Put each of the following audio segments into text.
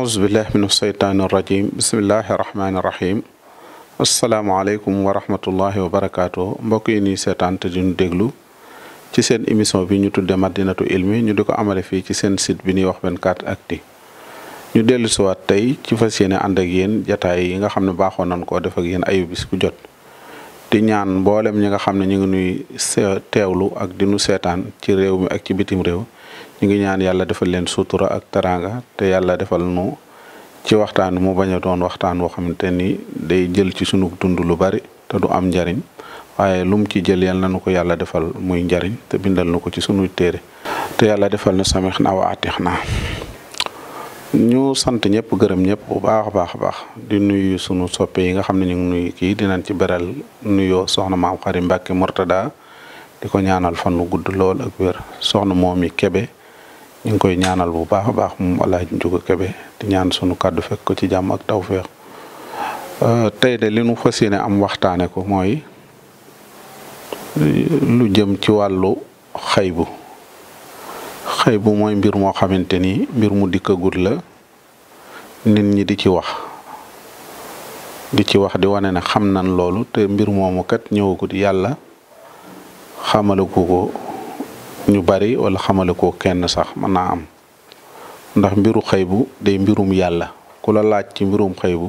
aousubillah min asheytaan irrajim bismillahi irrahmaani irrahim asalaamaaleykum wa rahmatullahi wa barakaatu mbokk yi ñuy seetaan te diñu déglu ci seen émission bi ñu tudde madinatu ilmi ñu di ko amale fii ci seen site bi ñuy wax 24 actu ñu dellu siwaat tey ci fas yéene ànd ak yéen jataay yi nga xam ne baaxoon nañ koo def ak yéen ayu bis ku jot di ñaan mboolem ñi nga xam ne ñu ngi nuy teewlu ak dinu seetaan ci réew mi ak ci bitim réew ñu ngi ñaan yàlla defal leen sutura ak teraanga te yàlla defal nu ci waxtaan mu bañ a doon waxtaan woo xamante ni day jël ci sunu dund lu bari te du am njariñ waaye lum ci jël yal na nu ko yàlla defal muy njariñ te bindal nu ko ci sunu téere te yàlla defal na samix na wa na ñu sant ñëpp gërëm ñëpp bu baax a baax a baax di nuyu sunu soppee yi nga xam ne ñu ngi nuyu kii dinañ ci beral nuyoo soxna maam Xari Mbàkke Murtada di ko ñaanal fan lu gudd lool ak wér soxna moom yi Kebe ñu ngi koy ñaanal bu baax a baax moom El Hadj Ndiouga Kebe di ñaan sunu kàddu fekk ko ci jàmm ak tawféex euh, tey de li nu fas yéene am waxtaane ko mooy lu jëm ci wàllu xaybu xëy mooy mbir moo xamante ni mbir mu dikkagul la nit ñi di ci wax di ci wax di wane ne xam nan loolu te mbir moomu kat ñëwagut yàlla xamale ku ko ñu bari wala xamale ko kenn sax mën naa am ndax mbiru xëybu day mbirum yàlla ku la laaj ci mbirum xëybu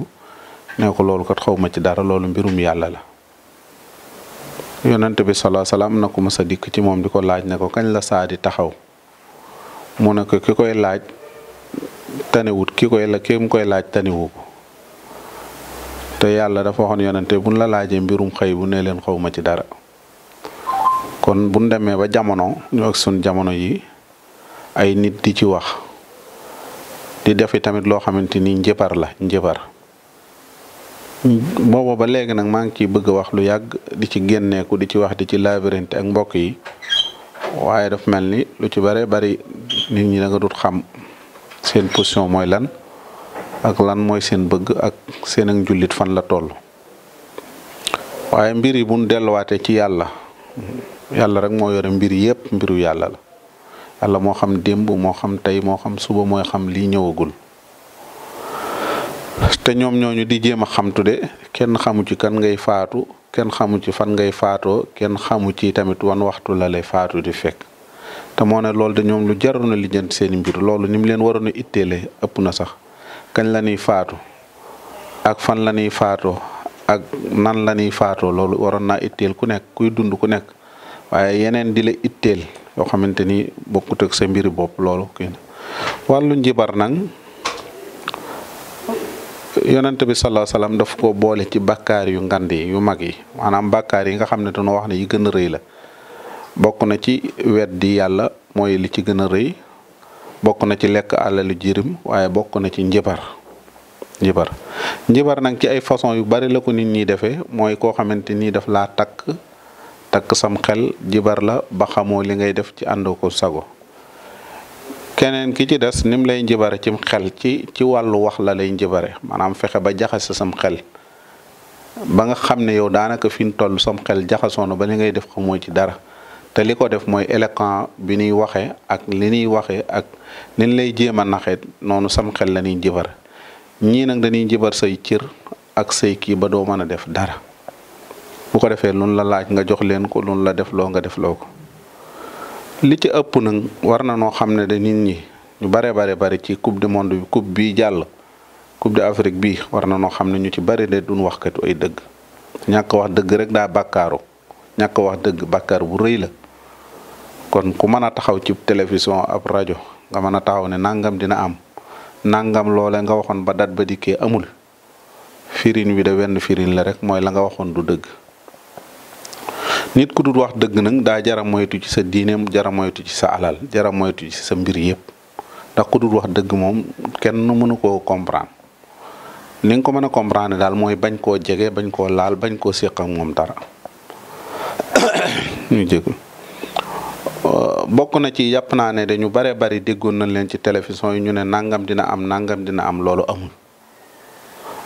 ne ko loolu kat xawma ci dara loolu mbirum yàlla la yonent bi salaa salaam na ko mës a dikk ci moom di ko laaj ne ko kañ la saa di taxaw mu ne ko ki koy laaj tanewut ki koy la ki mu koy laaj tanewu ko te yàlla dafa waxoon yonente buñ la laajee mbirum xëy bu ne leen xawma ci dara kon buñ demee ba jamono ñu ak sun jamono yi ay nit di ci wax di defi tamit loo xamante ni njëbar la njëbar booba ba léegi nag maa ngi ciy bëgg a wax lu yàgg di ci génneeku di ci wax di ci labyrinthe ak mbokk yi waaye daf mel ni lu ci bare bari nit ñi da dut xam seen position mooy lan ak lan mooy seen bëgg ak seen njulit fan la toll waaye mbir yi buñ delluwaatee ci yàlla yàlla rek moo yore mbir yépp mbiru yàlla la yàlla moo xam démb moo xam tey moo xam suba mooy xam lii ñëwagul te ñoom ñooñu di jéem a xamtu de kenn xamu ci kan ngay faatu kenn xamu ci fan ngay faatoo kenn xamu ci tamit wan waxtu la lay faatu di fekk te moo ne loolu de ñoom lu jaroon a lijjanti seeni mbir loolu ni mu leen waroon a itteele ëpp na sax kañ la ñuy faatu ak fan la ñuy faatoo ak nan la ñuy faatoo loolu waroon naa itteel ku nekk kuy dund ku nekk waaye yeneen di la itteel yoo xamante ni bokkut ak sa mbiri bopp loolu kii wàllu njibar nag yonent bi sallallahu alayhi wasallam ko boole ci bakkaar yu ngand yu mag yi maanaam bakkaar yi nga xam ne dañoo wax ne yi gën a rëy la. bokk na ci wet di yàlla mooy li ci gën a rëy bokk na ci lekk àlalu jirim waaye bokk na ci njibar njibar njibar nag ci ay façon yu bari la ko nit ñi defee mooy koo xamante nii daf laa takk takk sam xel jibar la ba xamoo li ngay def ci àndoo sago keneen ki ci des nim lay njibare cim xel ci ci wàllu wax la lay njibare maanaam fexe ba jaxase sam xel ba nga xam ne yow daanaka fi mu toll sam xel jaxasoo na ba li ngay def xamoo ci dara te li ko def mooy éloquent bi ñuy waxee ak li ñuy waxee ak niñ lay jéem a naxee noonu sam xel la ñuy jibar ñii nag dañuy jibar say cir ak say kii ba doo mën a def dara bu ko defee luñ la laaj nga jox leen ko luñ la def loo nga def loo ko li ci ëpp nag war na noo xam ne de nit ñi ñu bare bare bari ci coupe du monde bi coupe bii jàll coupe d'Afrique bii war na noo xam ne ñu ci bari de duñ wax katu dëgg ñàkk wax dëgg rek daa bàkkaaru ñàkk wax dëgg bàkkaar bu rëy la kon ku mën a taxaw cib télévision ab rajo nga mën a taxaw ne nangam dina am nangam loole nga waxoon ba dat ba dikke amul firin wi de wenn firin la rek mooy la nga waxoon du dëgg nit ku wax dëgg nag daa jara moytu ci sa diineem jara moytu ci sa alal jara moytu ci sa mbir yëpp ndax ku dul wax dëgg moom kenn mënu koo comprendre li nga ko mën a comprendre daal mooy bañ koo jege bañ koo laal bañ koo séq ak moom dara ñu jégul bokk na ci yàpp naa ne dañu bare bari déggoon nañ leen ci télévision yi ñu ne nangam dina am nangam dina am loolu amul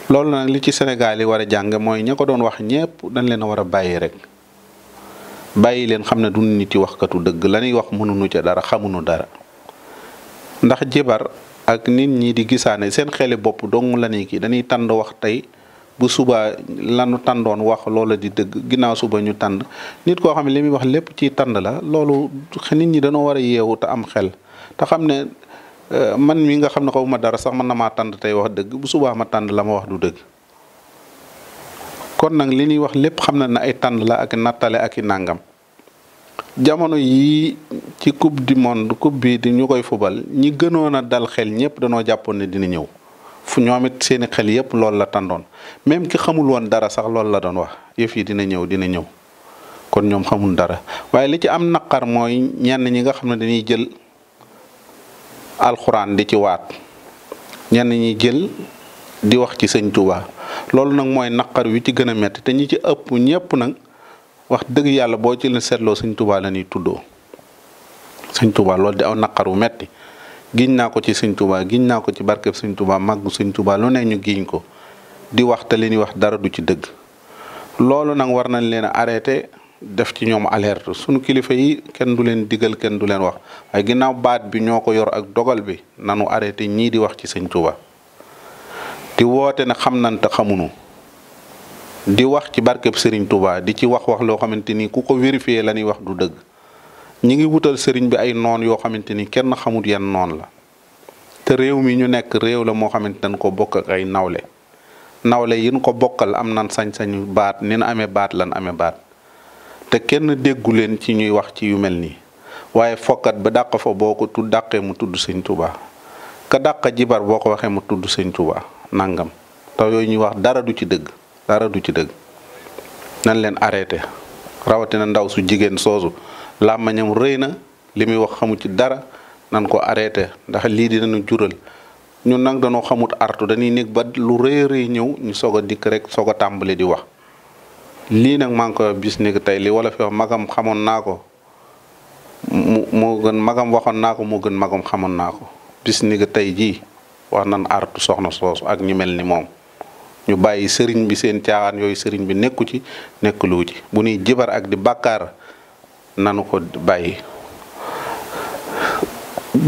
loolu nag li ci Sénégal yi war a jàng mooy ña ko doon wax ñépp dañ leen a war a bàyyi rek bàyyi leen xam ne du nit yi waxkatu dëgg la ñuy wax mënuñu ca dara xamuñu dara ndax jibar ak nit ñi di gisaane seen xeli bopp dong la ñuy kii dañuy tànd wax tey bu subaa lanu tàndoon wax loola di dëgg ginnaaw suba ñu tànd nit koo xam ne li muy wax lépp ci tànd la loolu nit ñi dañoo war a yeewu te am xel te xam ne euh, man wi nga xam ne xaw ma dara sax mën na maa tànd tey wax dëgg bu subaa ma tànd la ma wax du dëgg kon nag li ñuy wax lépp xam na ne ay tànd la ak nattale ak i nàngam jamono yii ci coupe du monde coupe bii di ñu koy fubal ñi gënoon a dal xel ñëpp danoo jàppoon ne dina ñëw fu ñoom it seeni xel yëpp loolu la tàndoon même ki xamul woon dara sax loolu la doon wax yëf yi dina ñëw dina ñëw kon ñoom xamul dara waaye li ci am naqar mooy ñenn ñi nga xam ne dañuy jël alxuraan di ci waat ñenn ñi jël di wax ci sëñ Tuubaa loolu nag mooy naqar wi ci gën a métti te ci ëpp ñëpp nag wax dëgg yàlla boo ci seetloo sëñ Tuubaa tuddoo sëñ loolu di aw naqar wu metti giñ naa ko ci Sëñ Tuubaa giñ naa ko ci barkeb Sëñ Tuubaa màggu Sëñ Tuubaa lu ne ñu giñ ko di wax te li ñuy wax dara du ci dëgg loolu nag war nañ leen a arrêté def ci ñoomu alerte sunu kilifa yi kenn du leen digal kenn du leen wax ay ginnaaw baat bi ñoo ko yor ak dogal bi nanu arrêté ñii di wax ci Sëñ Tuubaa di woote ne xam nan te xamunu di wax ci barkeb Sëriñ Tuubaa di ci wax wax loo xamante ni ku ko vérifié la ñuy wax du dëgg ñi ngi wutal sëriñ bi ay noon yoo xamante ni kenn xamut yenn noon la te réew mi ñu nekk réew la moo xamante dañ ko bokk ak ay nawle nawle yin ko bokkal am na sañ-sañu baat ni na amee baat lan amee baat te kenn déggu leen ci ñuy wax ci yu mel nii waaye fokkat ba dàq fa boo ko tudd dàqee mu tudd sëñ tubaa ka dàq jibar boo ko waxee mu tudd sëñ tubaa nangam te yooyu ñuy wax dara du ci dëgg dara du ci dëgg nañ leen arrêté rawatina ndaw su jigéen soosu làmmañam rëy na li muy wax xamu ci dara nan ko arrêté ndax lii dinañu jural ñu nan dañoo xamut artu dañuy néeg ba lu rëy rëy ñëw ñu soog a dikk rek soog a tàmbali di wax lii nag maa ngi ko bis ni tey li wala wax magam xamoon naa ko mu gën magam waxoon naa ko moo gën magam xamoon naa ko bis tey jii wax nan artu soxna soosu ak ñu mel ni moom ñu bàyyi sëriñ bi seen caaxaan yooyu sëriñ bi nekku ci nekkuluwu ci bu ñuy jibar ak di bakkaar nanu ko bàyyi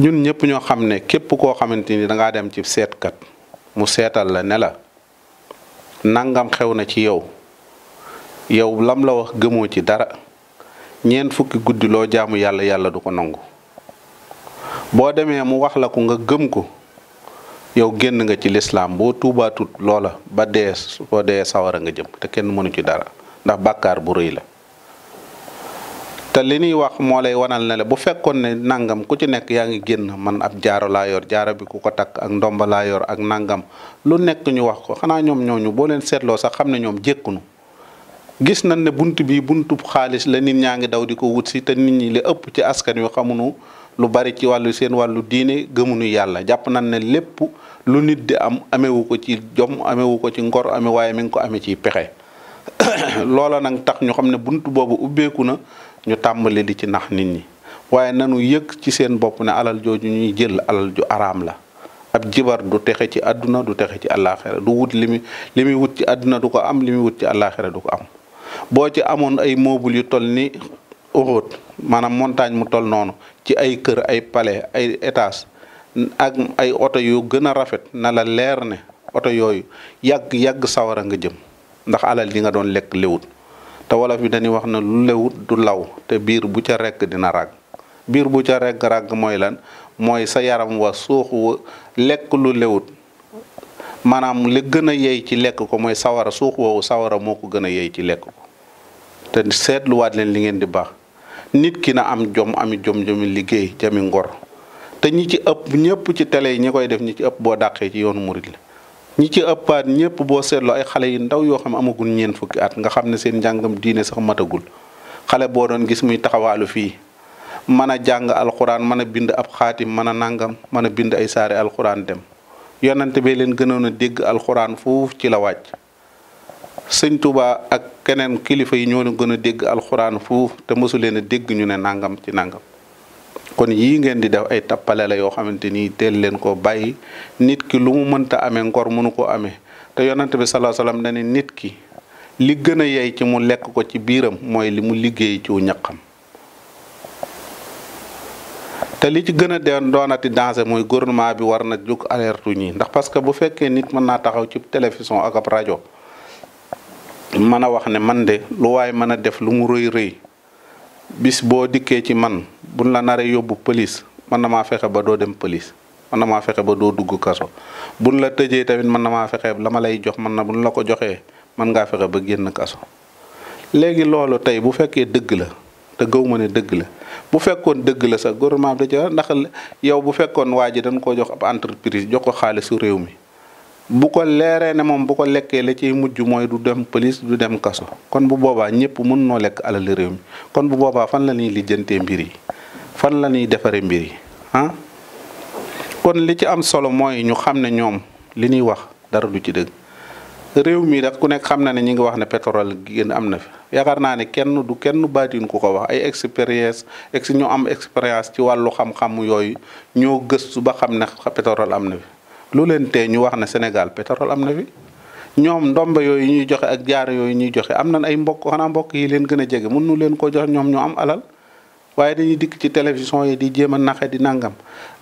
ñun ñëpp ñoo xam ne képp koo xamante ni dangaa dem ci seetkat mu seetal la ne la nangam xew na ci yow yow lam la wax gëmoo ci dara ñeent fukki guddi loo jaamu yàlla yàlla du ko nangu boo demee mu wax la ko nga gëm ko yow génn nga ci lislaam boo tuubaatut loola ba dee boo dee sawara nga jëm te kenn mënu ci dara ndax bàkkaar bu rëy la te li ñuy wax moo lay wanal ne la bu fekkoon ne nangam ku ci nekk yaa ngi génn man ab jaaro laa jaaro bi ku ko takk ak ndomba laa ak nangam lu nekk ñu wax ko xanaa ñoom ñooñu boo leen seetloo sax xam ne ñoom jékkunu gis nañ ne bunt bi buntu xaalis la nit ñaa ngi daw di ko wut si te nit ñi li ëpp ci askan wi xamunu lu bari ci wàllu seen wàllu diine gëmuñu yàlla jàpp nañ ne lépp lu nit di am amewu ko ci jom amewu ko ci ngor ame waaye mi ngi ko amee ciy pexe loola nag tax ñu xam ne bunt boobu ubbeeku na ñu tàmbali di ci nax nit ñi waaye nanu yëg ci seen bopp ne alal jooju ñuy jël alal ju araam la ab jibar du texe ci àdduna du texe ci àllaaxira du wut limi li muy wut ci àdduna du ko am li muy wut ci àllaaxira du ko am boo ci amoon ay moobul yu tol ni uxóot maanaam montagne mu toll noonu ci ay kër ay pale ay étage ak ay oto yu gën a rafet na la leer ne oto yooyu yàgg yàgg sawara nga jëm ndax alal ji nga doon lekk lewut te wolof bi dañuy wax na lu lewut du law te biir bu ca rekk dina ràgg biir bu ca rekk ràgg mooy lan mooy sa yaram wa suux wa lekk lu lewut maanaam li gën a yey ci lekk ko mooy sawara suux woowu sawara moo ko gën a yey ci lekk ko te seetluwaat leen li ngeen di baax nit ki na am jom ami jom jomi liggéey jami ngor te ñi ci ëpp ñëpp ci télé yi ñi koy def ñi ci ëpp boo dàqee ci yoonu murit la ñi ci ëppaat ñëpp boo seetloo ay xale yu ndaw yoo xam ne amagul ñeent fukki at nga xam ne seen njàngam diine sax matagul xale boo doon gis muy taxawaalu fii mën a jàng alxuraan mën a bind ab xaatim mën a nangam mën a bind ay saare alxuraan dem yonante bee leen gënoon a dégg alxuraan foofu ci la wàcc sëñ Tuubaa ak keneen kilifa yi ñoo leen gën a dégg alxuraan foofu te mosu leen a dégg ñu ne nangam ci nangam. kon yii ngeen di def ay tappale la yoo xamante nii teel leen ko bàyyi nit ki lu mu mënta amee ngor mënu koo amee te yonent bi salaa na dane nit ki li gën a yey ci mu lekk ko ci biiram mooy li mu liggéey ci ñaqam te li ci gën a deen doonati danger mooy gouvernement bi war na jóg alerte ñi ndax parce que bu fekkee nit mën naa taxaw cib télévision ak ab rajo mën a wax ne man de lu waay mën a def lu mu rëy rëy bis boo dikkee ci man buñ la naree yóbbu pëlis man na maa fexe ba doo dem pëlis man na ma fexe ba doo dugg kaso bu buñ la tëjee tamit man na maa fexe la ma lay jox man na buñ la ko joxee man ngaa fexe ba génn kaso léegi loolu tey bu fekkee dëgg la te gëw ma ne dëgg la bu fekkoon dëgg la sax gouvernement bi da ndax yow bu fekkoon waa ji dañ koo jox ab entreprise jox ko xaalisu réew mi bu ko leeree ne moom bu ko lekkee li ciy mujj mooy du dem police du dem kaso kon bu boobaa ñëpp mën noo lekk alal réew mi kon bu boobaa fan la nuy lijjantee mbir yi fan la ñuy defaree mbir yi ah kon li ci am solo mooy ñu xam ne ñoom li ñuy wax dara du ci dëgg réew mi nag ku nekk xam na ne ñu ngi wax ne pétrole génn am na fi yaakaar naa ne kenn du kenn baatin ku ko wax ay expérience ex ñu am expérience ci wàllu xam-xam yooyu ñoo gëstu ba xam ne pétrole am na fi lu leen tee ñu wax ne Sénégal pétrole am na fi ñoom ndombe yooyu ñuy joxe ak jaar yooyu ñuy joxe am nañ ay mbokk xanaa mbokk yi leen gën a jege mun nu leen ko jox ñoom ñu am alal waaye dañuy dikk ci télévision yi di jéem a naxe di nangam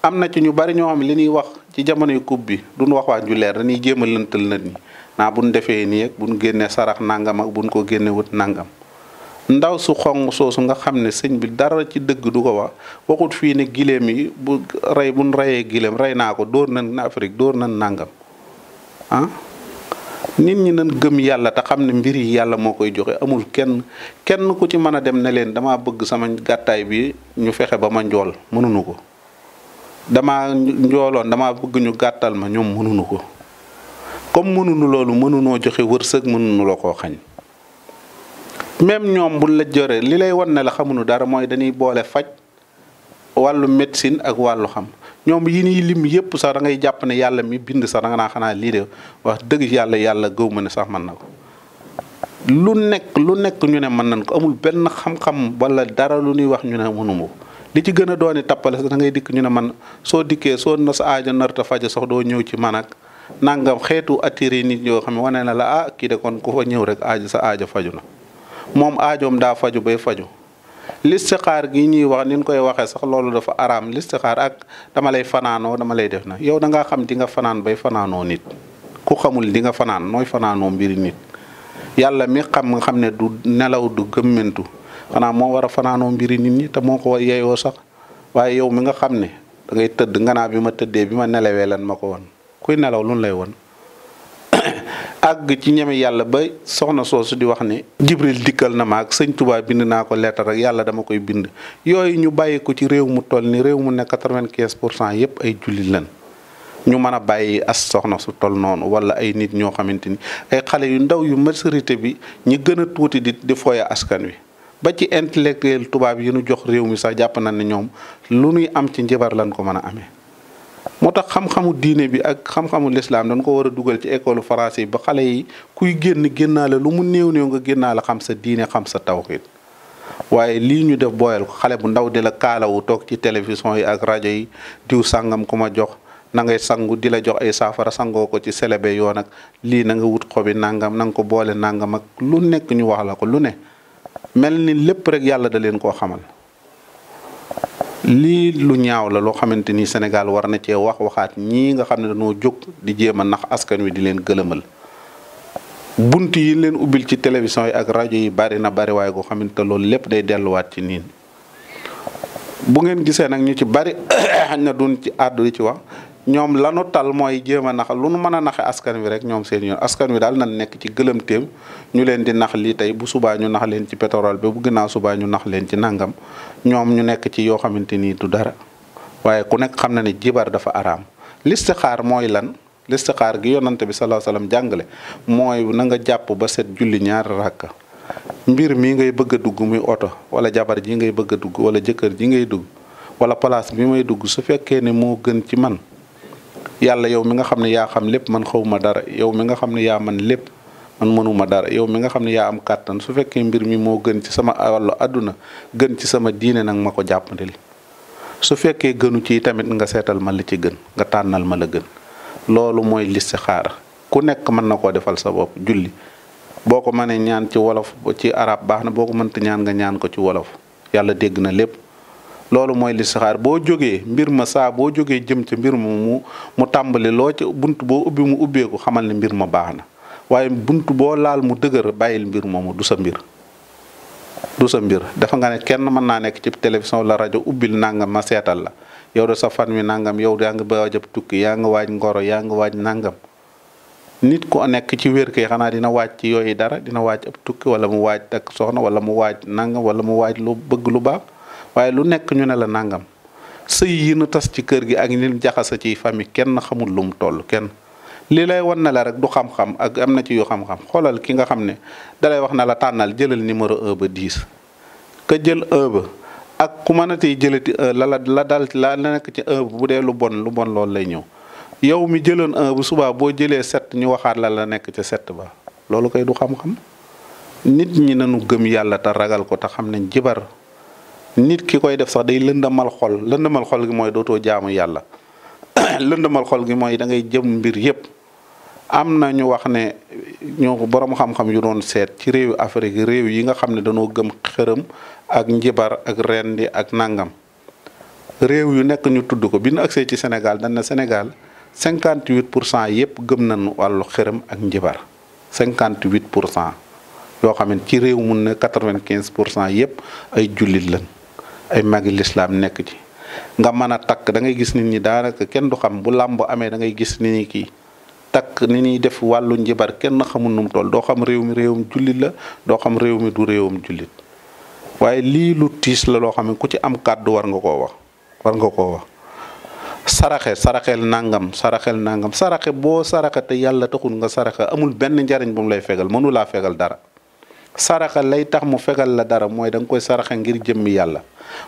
am na ci ñu bari ñoom li ñuy wax ci jamonoy coupe bi duñ wax waa ju leer dañuy jéem a lëntal nit ñi naa buñ defee nii bu buñ génnee sarax nangam ak bu buñ ko génnee wut nangam ndaw su xonq soosu nga xam ne sëñ bi dara ci dëgg du ko wax waxut fii ne gileem yi bu rey bu nu reyee giléem rey naa ko dóor nañ Afrique dóor nañ nàngam ah? nit ñi nan gëm yàlla te xam ne mbir yi yàlla moo koy joxe amul kenn kenn ku ci mën a dem ne leen dama bëgg sama gàttaay bi ñu fexe ba ma njool mënuñu ko dama njooloon dama bëgg ñu gàttal ma ñoom mënuñu ko comme mënuñu loolu mënunoo joxe wërsëg mënuñu la koo xañ même ñoom buñ la joree li lay wan ne la xamuñu dara mooy dañuy boole faj wàllu médecine ak wàllu xam ñoom yi nii lim yëpp sax dangay jàpp ne yàlla mi bind sax da xanaa lii de wax dëgg yàlla yàlla gëw ma ne sax mën na ko lu nekk lu nekk ñu ne mën nañ ko amul benn xam-xam wala dara lu ñuy wax ñu ne mënumu li ci gën a dooni tappale sax da ngay dikk ñu ne man soo dikkee soo nas aajo narta fajo sax doo ñëw ci man ak nangam xeetu attiré nit yoo xam ne wane na la ah kii de kon koo fa ñëw rek aajo sa aajo faju na moom aajoom daa faju bay faju listixaar gi ñuy wax ni ñu koy waxee sax loolu dafa araam listixaar ak dama lay fanaanoo dama lay def na yow da ngaa xam di nga fanaan bay fanaanoo nit ku xamul di nga fanaan nooy fanaanoo mbiri nit yàlla mi xam nga xam ne du nelaw du gëmmentu xanaa moo war a fanaanoo mbiri nit ñi te moo ko war sax waaye yow mi nga xam ne da ngay tëdd nga bi ma tëddee bi ma nelawee lan ma ko woon kuy nelaw lu lay woon àgg ci ñeme yàlla ba soxna soo su di wax ne jibril dikkal na ma ak sëñ Tuubaa bind naa ko leetar ak yàlla dama koy bind yooyu ñu bàyyi ko ci réew mu toll ni réew mu ne quatre-vingt-quinze pour cent yépp ay jullit lañ ñu mën a bàyyi as soxna su toll noonu wala ay nit ñoo xamante ni ay xale yu ndaw yu majorité bi ñi gën a tuuti di di fooye askan wi ba ci intellectuel tubaab yi ñu jox réew mi sax jàpp na ne ñoom lu ñuy am ci njabar lañ ko mën a amee moo tax xam-xamu diine bi ak xam-xamu lislaam dañ ko war a dugal ci école français ba xale yi kuy génn génnaa la lu mu néew néew nga génnaa la xam sa diine xam sa taw tawxiid waaye lii ñu def booyal ko xale bu ndaw di la kaalawu toog ci télévision yi ak rajo yi diw sàngam ku ma jox na ngay sangu di la jox ay saafara sangoo ko ci selebe yoon ak lii na nga wut xobi nangam nanga ko boole nangam ak lu nekk ñu wax la ko lu ne mel ni lépp rek yàlla da leen koo xamal lii lu ñaaw la loo xamante ni Sénégal war na cee wax waxaat ñii nga xam ne dañoo jóg di jéem a nax askan wi di leen gëlëmal bunt yi leen ubbil ci télévision yi ak rajo yi bari na bari waaye goo xamante loolu lépp day delluwaat ci niin bu ngeen gisee nag ñu ci bari xañ na duñ ci àddu ci wax ñoom lanu tal mooy jéem a nax lu nu mën a naxe askan wi rek ñoom seen yoon askan wi daal nañ nekk ci gëlëmteem ñu leen di nax lii tey bu subaa ñu nax leen ci pétrole bi bu ginnaaw subaa nax leen ci nangam ñoom ñu nekk ci yoo xamante ni du dara waaye ku nekk xam na ne jibar dafa araam listixaar mooy lan listixaar gi yonante bi sallallahu alayhi wasallam jàngale mooy na nga jàpp ba set julli ñaari rakka mbir mii ngay bëgg a dugg muy oto wala jabar ji ngay bëgg a dugg wala jëkkër ji ngay dugg wala place bi may dugg su fekkee ne moo gën ci man yàlla yow mi nga xam ne yaa xam lépp man xawma dara yow mi nga xam ne yaa man lépp man mënuma dara yow mi nga xam ne yaa am kàttan su fekkee mbir mi moo gën ci sama wàllu àdduna gën ci sama diine nag ma ko jàppandil su fekkee gënu ci tamit nga seetal ma la ci gën nga tànnal ma la gën loolu mooy listixaara ku nekk mën na koo defal sa bopp julli boo ko mënee ñaan ci wolof ci arab baax na boo ko mënta ñaan nga ñaan ko ci wolof yàlla dégg na lépp loolu mooy listixaar boo jógee mbir ma saa boo jógee jëm ca mbir ma mu mu tàmbali loo ca bunt boo ubbi mu ubbeeku xamal ne mbir ma baax na waaye bunt boo laal mu dëgër bàyyil mbir moomu du sa mbir du sa mbir dafa nga ne kenn mën naa nekk ci télévision la rajo ubbil nangam ma seetal la yow de sa fan wi nangam yow yaa ngi ba jëb tukki yaa ngi waaj ngoro yaa ngi waaj nangam nit ku nekk ci wér kay xanaa dina waaj ci yooyu dara dina waaj ab tukki wala mu waaj takk soxna wala mu waaj nangam wala mu waaj lu bëgg lu baax waaye lu nekk ñu ne la nangam sëy yi nu tas ci kër gi ak ñi jaxasa ciy famille kenn xamul lu mu toll kenn lii lay wan na la rek du xam-xam ak am na ci yu xam xoolal ki nga xam ne dalay wax na la tànnal jëlal numéro 1 ba 10 ka jël 1 ba ak ku mënatee jëlati 1 euh, la la la dal la nekk ci 1 bu dee lu bon lu bon loolu lay ñëw yow mi jëloon 1 bu subaa boo jëlee 7 ñu waxaat la la nekk ca set ba loolu koy du xam-xam nit ñi nu gëm yàlla te ragal ko te xam nañ jibar nit ki koy def sax day lëndamal xol lëndamal xol gi mooy dootoo jaamu yàlla lëndamal xol gi mooy da ngay jëm mbir yépp am na ñu wax ne ñoo borom xam-xam yu doon seet ci réew réewu Afrique réew yi nga xam ne dañoo gëm xërëm ak njibar ak rendi ak nangam réew yu nekk ñu tudd ko bi ñu agsee ci Sénégal dañ na Sénégal 58 pour cent yépp gëm nañu wàllu xërëm ak njibar cinquante 58 pour cent yoo xam ne ci réew mun na mu vingt 95 pour cent yépp ay jullit lañ. ay magi lislaam nekk ci nga mën a takk da ngay gis nit ñi daanaka kenn du xam bu làmb amee dangay gis nit ñi kii takk ni ñuy def wàllu njibar kenn xamul nu toll doo xam réew mi réewum jullit la doo xam réew mi du réewam jullit waaye lii lu tiis la loo xam ne ku ci am kàddu war nga koo wax war nga koo wax saraxe saraxel nangam saraxel nangam saraxe boo saraxe te yàlla taxul nga saraxe amul benn njariñ bu mu lay fegal mënu laa fegal dara saraxa lay tax mu fegal la dara mooy da nga koy saraxa ngir jëmmi yàlla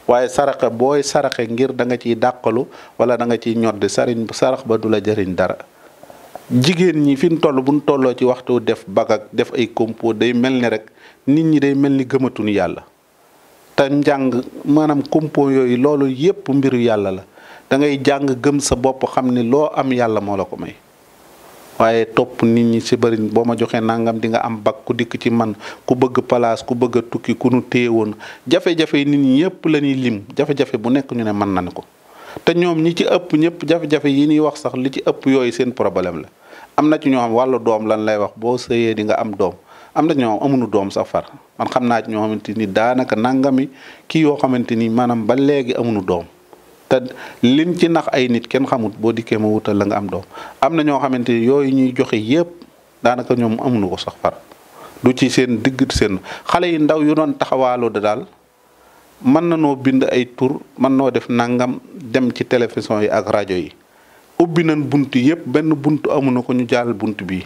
waaye saraxa booy saraxe ngir danga ciy dàqalu wala da nga ciy ñoddi sariñ sarax ba du la jariñ dara jigéen ñi fi ñu toll bu ñu tolloo ci waxtu def bagak def ay compo day mel ni rek nit ñi day mel ni gëmatuñu yàlla te njàng maanaam compo yooyu loolu yépp mbiru yàlla la da ngay jàng gëm sa bopp xam ni loo am yàlla moo la ko may waaye topp nit ñi si bëri boo ma joxee nangam di nga am bag ku dikk ci man ku bëgg palaas ku bëgg a tukki ku nu téye woon jafe-jafe nit ñi yëpp la ñuy lim jafe-jafe bu nekk ñu ne mën nañu ko te ñoom ñi ci ëpp ñëpp jafe-jafe yi ñuy wax sax li ci ëpp yooyu seen problème la am na ci ñoo xam wàllu doom lan lay wax boo sëyee di nga am doom am na ñoo xam amuñu doom sax far man xam naa ci ñoo xamante ni daanaka nangami kii yoo xamante ni maanaam ba léegi amuñu doom. te lim ci nax ay nit kenn xamut boo dikkee ma wutal la nga am doom am na ñoo xamante ni yooyu ñuy joxe yépp daanaka ñoom amuñu ko sax far du ci seen digg seen xale yi ndaw yu doon taxawaaloo da daal mën na noo bind ay tur mën noo def nangam dem ci télévision yi ak rajo yi ubbi na bunt yépp benn bunt amu na ko ñu jàll bunt bii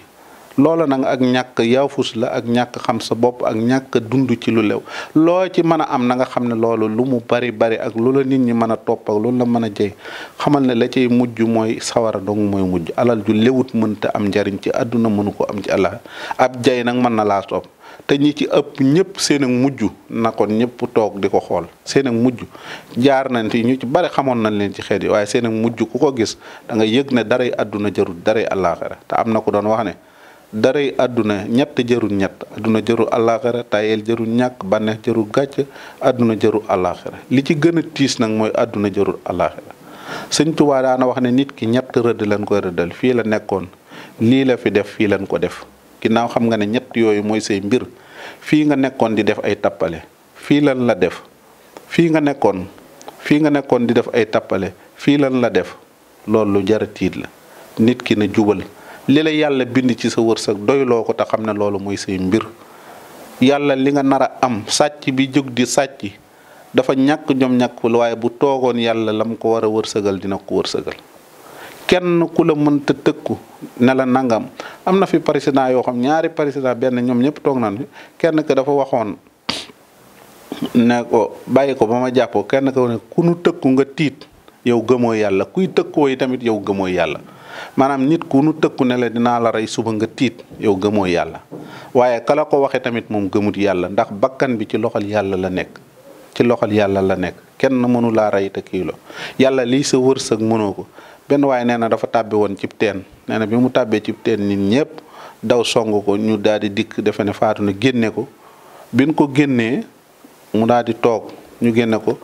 loola nag ak ñàkk yaafus la ak ñàkk xam sa bopp ak ñàkk dund ci lu lew loo ci mën a am na nga xam ne loolu lu mu bari bari ak lu la nit ñi mën a topp ak loolu la mën a jey xamal ne la cay mujj mooy sawara dong mooy mujj alal ju lewut mënta am njariñ ci àdduna mënu ko am ci allah ab jey nag mën na laa topp te ñi ci ëpp ñëpp seen ak mujj na kon ñëpp toog di ko xool seen ak mujj jaar nañ ti ñu ci bari xamoon nañ leen ci xeet yi waaye seen mujj ku ko gis da nga yëg ne daray àdduna jarul daray àllaaxira te am na ko doon wax ne daray àdduna ñett jërul ñett àdduna jërul àllaaxira tayeel jërul ñàkk bànneex jërul gàcc àdduna jërul àllaaxira li ci gën tiis nag mooy àdduna jërul àllaaxira sëñ Tuubaa daana wax ne nit ki ñett rëdd lañ koy rëddal fii la nekkoon lii la fi def fii lañ ko def ginnaaw xam nga ne ñett yooyu mooy say mbir fii nga nekkoon di def ay tappale fii lan la def fii nga nekkoon fii nga nekkoon di def ay tappale fii lan la def loolu lu tiit la nit ki na jubal li la yàlla bind ci sa wërsëg doyloo ko te xam ne loolu mooy say mbir yàlla li nga nar a am sàcc bi jóg di sàcc dafa ñàkk ñoom ñàkk waaye bu toogoon yàlla lam ko war a wërsëgal dina ko wërsëgal kenn ku la mënta tëkku ne nangam am na fi président yoo xam ñaari président benn ñoom ñëpp toog nañ fi kenn ka dafa waxoon ne ko bàyyi ko ba ma jàppoo kenn ka ne ku nu tëkku nga tiit yow gëmoo yàlla kuy tëkkoo yi tamit yow gëmoo yàlla maanaam nit ku nu tëkku ne la dinaa la rey suba nga tiit yow gëmoo yàlla waaye kala ko waxee tamit moom gëmut yàlla ndax bakkan bi ci loxol yàlla la nekk ci loxol yàlla la nekk kenn mënu laa rey te kiilo yàlla lii sa wërsëg mënoo ko benn waaye nee na dafa tàbbi woon cib teen nee na bi mu tàbbee cib teen nit ñépp daw song ko ñu daal di dikk defe ne faatu na génne ko bin ko génnee mu daal di toog ñu génne ko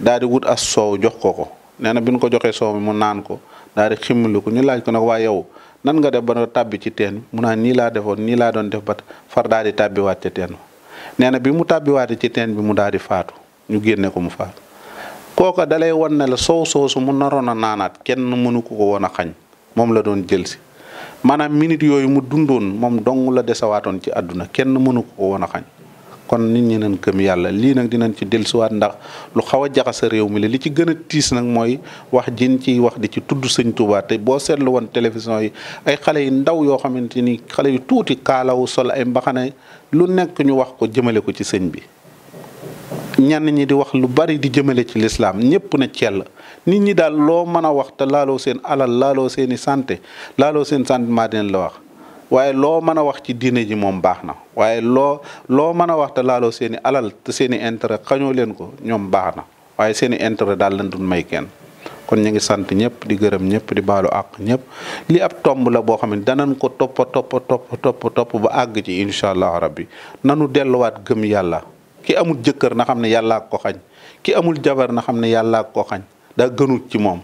daal di wut as soow jox ko ko nee na bin ko joxee soow mi mu naan ko daal di ximmiliku ñu laaj ko nag waa yow nan def ba nga tàbbi ci teen mu naa nii laa defoon nii laa doon def ba far daal di tàbbiwaat ca teen ba nee na bi mu tàbbiwaatee ci teen bi mu daal di faatu ñu génne ko mu faatu kooka dalay won ne la soow su mu naroon a naanaat kenn mënu ko ko woon a xañ moom la doon jël si maanaam minute yooyu mu dundoon moom dong la desawaatoon ci àdduna kenn mënu ko ko woon a xañ kon nit ñi nañ gëm yàlla lii nag dinañ ci dellusiwaat ndax lu xaw a jaxase réew mi la li ci gën a tiis nag mooy wax jin ciy wax di ci tudd sëñ Touba te boo seetlu woon télévision yi ay xale yu ndaw yoo xamante ni xale yu tuuti kaalawu sol ay mbaxane lu nekk ñu wax ko jëmale ko ci sëñ bi. ñenn ñi di wax lu bari di jëmale ci lislaam ñëpp na cell nit ñi daal loo mën a wax te laaloo seen alal laaloo seeni i santé laaloo seen santé maa dinañ la wax. waaye loo mën a wax ci diine ji moom baax na waaye loo loo mën a wax te laaloo seen i alal te seen i xañoo leen ko ñoom baax na waaye seen i intérêt daal lañ dul may kenn kon ñu ngi sant ñëpp di gërëm ñëpp di baalu àq ñëpp li ab tomb la boo xam ne danañ ko toppa toppa topp topp topp ba àgg ci incha allah rabbi nanu delluwaat gëm yàlla ki amul jëkkër na xam ne yàllaa ko xañ ki amul jabar na xam ne yàllaa ko xañ daa gënut ci moom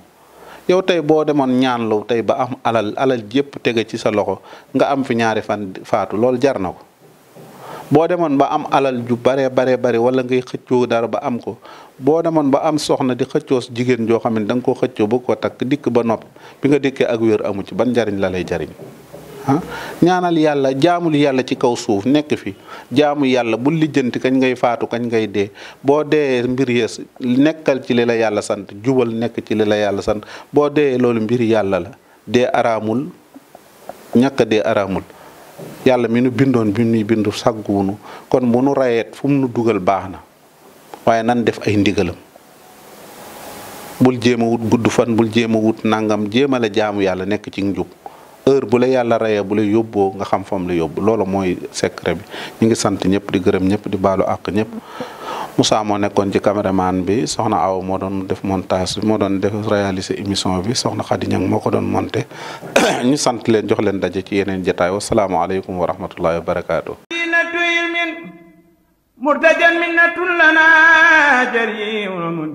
yow tey boo demoon ñaan lu tey ba am alal alal yépp tege ci sa loxo nga am fi ñaari fan faatu lool jar na ko boo demoon ba am alal ju baree baree bari wala ngay xëccoo dara ba am ko boo demoon ba am soxna di xëccoo jigéen joo xam ne da koo xëccoo bëgg ko takk dikk ba nopp bi nga dikkee ak wér amu ci ban njariñ la lay jariñ ñaanal yàlla jaamul yàlla ci kaw suuf nekk fi jaamu yàlla bu lijjanti kañ ngay faatu kañ ngay dee boo dee mbir yees nekkal ci li la yàlla sant jubal nekk ci li yàlla sant boo dee loolu mbir yàlla la dee araamul ñàkk dee araamul yàlla mi nu bindoon bi nuy bindu sagguwunu kon bu nu rayeet fu nu dugal baax na waaye nan def ay ndigalam bul jéem a wut gudd fan bul jéem a wut nangam jéem a la jaamu yàlla nekk ci njub heure bu la yàlla rayee bu la yóbboo nga xam fam la yóbbu loolu mooy secret bi ñu ngi sant ñëpp di gërëm ñëpp di baalu àq ñëpp Moussa moo nekkoon ci caméraman bi soxna Aw moo doon def montage bi moo doon def réaliser émission bi soxna Khady Niang moo ko doon monté ñu sant leen jox leen daje ci yeneen jotaay wasalaamaaleykum wa rahmatullahi wa barakaatu wa minnatun lana jariun